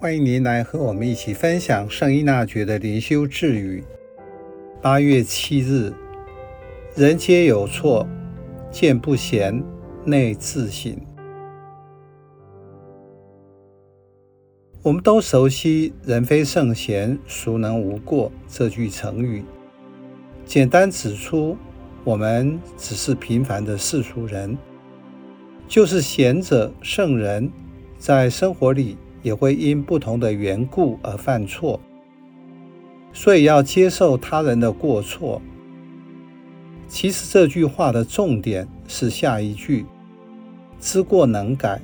歡迎您來和我們一起分享聖依納爵的靈修智語。八月七日，人皆有錯，見不賢，內自省。我們都熟悉“人非聖賢，孰能無過”這句成語，簡單指出我們只是平凡的世俗人，就是賢者聖人，在生活裡，也會因不同的緣故而犯錯，所以要接受他人的過錯。其實這句話的重點是下一句：“知過能改，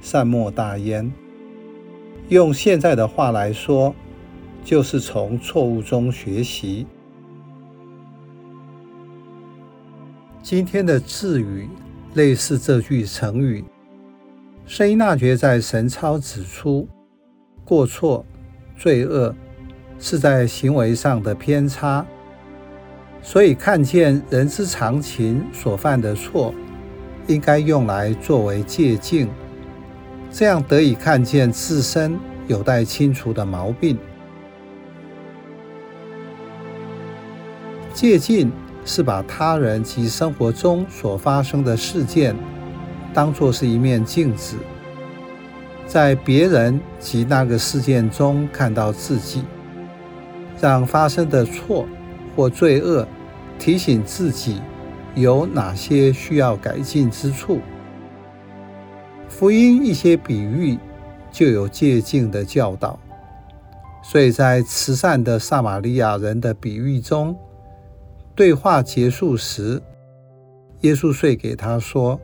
善莫大焉。”用現在的話來說，就是從錯誤中學習。今天的智語類似這句成語。聖依納爵在神操指出，過錯、罪惡是在行為上的偏差，所以看見人之常情所犯的錯，應該用來作為借鏡，這樣得以看見自身有待清除的毛病。借鏡是把他人及生活中所發生的事件。當做是一面鏡子，在別人及那個事件中看到自己，讓發生的錯或罪惡提醒自己有哪些需要改進之處。福音一些比喻就有借鏡的教導，所以在慈善的撒瑪利亞人的比喻中，對話結束時，耶穌遂給他說。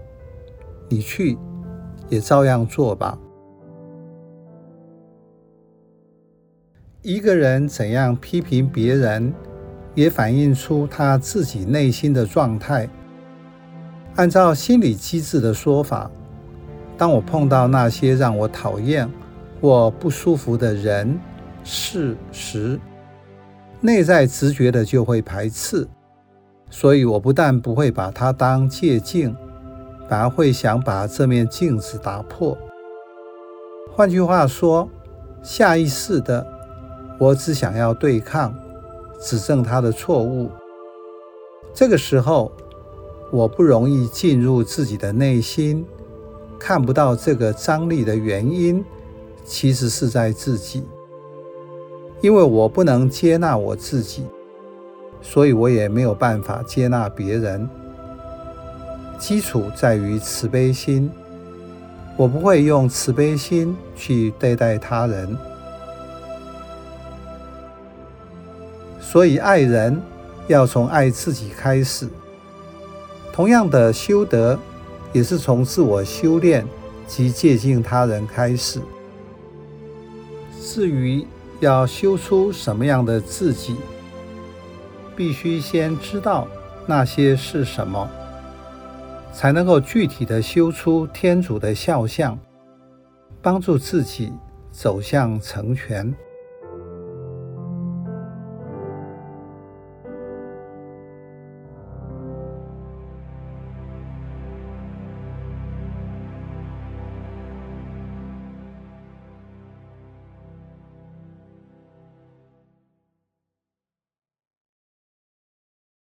你去，也照樣做吧。一個人怎樣批評別人，也反映出他自己內心的狀態。按照心理機制的說法，當我碰到那些讓我討厭或不舒服的人事時，內在直覺的就會排斥，所以我不但不會把它當借鏡。反而會想把這面鏡子打破。換句話說，下意識的我只想要對抗、指正他的錯誤。這個時候，我不容易進入自己的內心，看不到這個張力的原因，其實是在自己，因為我不能接納我自己，所以我也沒有辦法接納別人。基礎在於慈悲心，我不會用慈悲心去對待他人，所以愛人要從愛自己開始。同樣的，修德也是從自我修煉及借鏡他人開始。至於要修出什麼樣的自己，必須先知道那些是什麼？才能夠具體的修出天主的肖像，幫助自己走向成全。